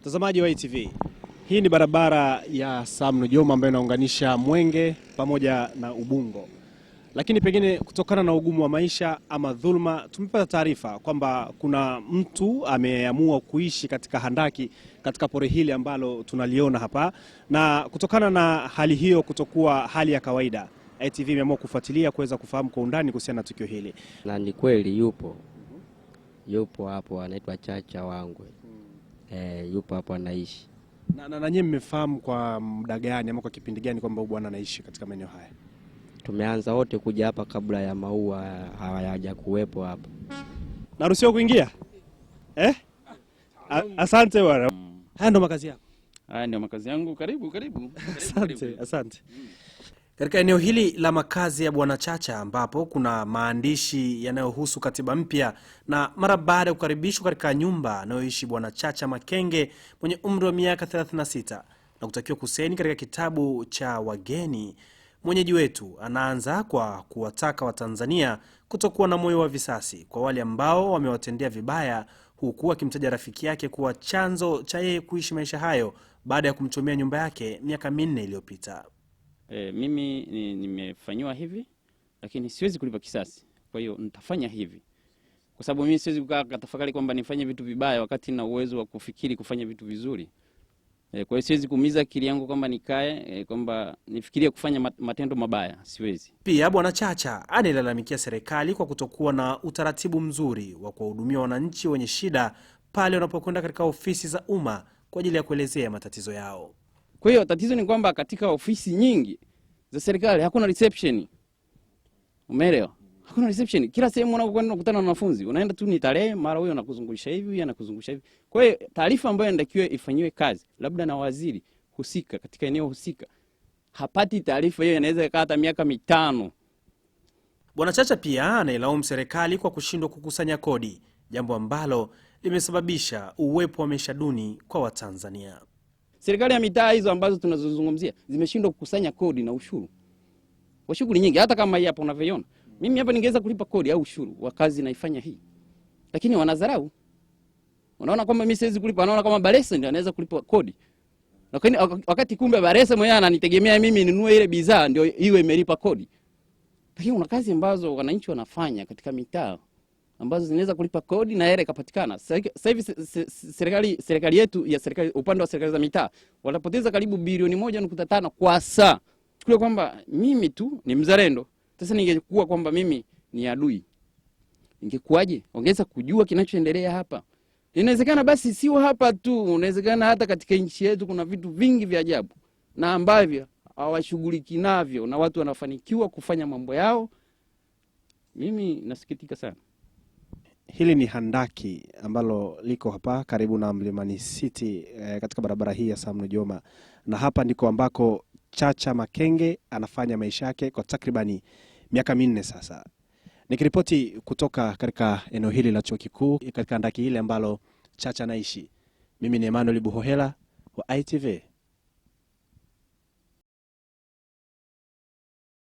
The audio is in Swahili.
Mtazamaji wa ITV, hii ni barabara ya Sam Nujoma ambayo inaunganisha Mwenge pamoja na Ubungo, lakini pengine kutokana na ugumu wa maisha ama dhuluma, tumepata taarifa kwamba kuna mtu ameamua kuishi katika handaki katika pori hili ambalo tunaliona hapa, na kutokana na hali hiyo kutokuwa hali ya kawaida, ITV imeamua kufuatilia kuweza kufahamu kwa undani kuhusiana na tukio hili, na ni kweli yupo yupo hapo, anaitwa Chacha Wangwe eh, yupo hapo anaishi. Na, na, nyinyi mmefahamu kwa muda gani ama kwa kipindi gani kwamba bwana anaishi katika maeneo haya? Tumeanza wote kuja hapa kabla ya maua hayaja kuwepo hapa. Naruhusiwa kuingia eh? A, asante bwana. Mm. Haya ndo makazi yako? Haya ndio makazi yangu. Karibu, karibu. Karibu, asante, Asante. Mm katika eneo hili la makazi ya Bwana Chacha ambapo kuna maandishi yanayohusu katiba mpya. Na mara baada ya kukaribishwa katika nyumba anayoishi Bwana Chacha Makenge mwenye umri wa miaka 36 na kutakiwa kusaini katika kitabu cha wageni, mwenyeji wetu anaanza kwa kuwataka Watanzania kutokuwa na moyo wa visasi kwa wale ambao wamewatendea vibaya, huku akimtaja rafiki yake kuwa chanzo cha yeye kuishi maisha hayo baada ya kumchomea nyumba yake miaka minne iliyopita e, mimi nimefanyiwa hivi, lakini siwezi kulipa kisasi, kwa hiyo nitafanya hivi kwa sababu mimi siwezi kukaa katafakari kwamba nifanye vitu vibaya wakati na uwezo wa kufikiri kufanya vitu vizuri. E, kwa hiyo siwezi kuumiza akili yangu kwamba nikae e, kwamba nifikirie kufanya matendo mabaya, siwezi. Pia Bwana Chacha anailalamikia serikali kwa kutokuwa na utaratibu mzuri wa kuwahudumia wananchi wenye shida pale wanapokwenda katika ofisi za umma kwa ajili ya kuelezea matatizo yao. Kwa hiyo tatizo ni kwamba katika ofisi nyingi za serikali hakuna reception. Umeelewa? Hakuna reception. Kila sehemu unakokwenda unakutana na wanafunzi, unaenda tu ni tarehe, mara huyo anakuzungusha hivi, huyo anakuzungusha hivi. Kwa hiyo taarifa ambayo inatakiwa ifanyiwe kazi labda na waziri husika katika eneo husika hapati taarifa hiyo, inaweza ikaa hata miaka mitano. Bwana Chacha pia anailaumu serikali kwa kushindwa kukusanya kodi, jambo ambalo limesababisha uwepo wa maisha duni kwa Watanzania. Serikali ya mitaa hizo ambazo tunazozungumzia zimeshindwa kukusanya kodi na ushuru kwa shughuli nyingi, hata kama hii hapa unavyoiona. Mimi hapa ningeweza kulipa kodi au ushuru wa kazi naifanya hii, lakini wanadharau. Unaona kwamba mimi siwezi kulipa, anaona kama Baresa ndio anaweza kulipa kodi, lakini wakati kumbe Baresa mwenyewe ananitegemea mimi ninunue ile bidhaa ndio iwe imelipa kodi, lakini kuna kazi ambazo wananchi wanafanya katika mitaa ambazo zinaweza kulipa kodi na hela ikapatikana. Sasa hivi serikali serikali yetu ya serikali upande wa serikali za mitaa wanapoteza karibu bilioni moja nukta tano kwa saa. Chukua kwamba mimi tu ni mzalendo. Sasa ningekuwa kwamba mimi ni adui, ingekuwaje? Ongeza kujua kinachoendelea hapa. Inawezekana basi sio hapa tu, inawezekana hata katika nchi yetu kuna vitu vingi vya ajabu na ambavyo hawashughuliki navyo na watu wanafanikiwa kufanya mambo yao. Mimi nasikitika sana. Hili ni handaki ambalo liko hapa karibu na Mlimani City eh, katika barabara hii ya Sam Nujoma, na hapa ndiko ambako Chacha Makenge anafanya maisha yake kwa takribani miaka minne sasa. Nikiripoti kutoka katika eneo hili la chuo kikuu katika handaki hili ambalo Chacha anaishi, mimi ni Emmanuel Buhohela wa ITV.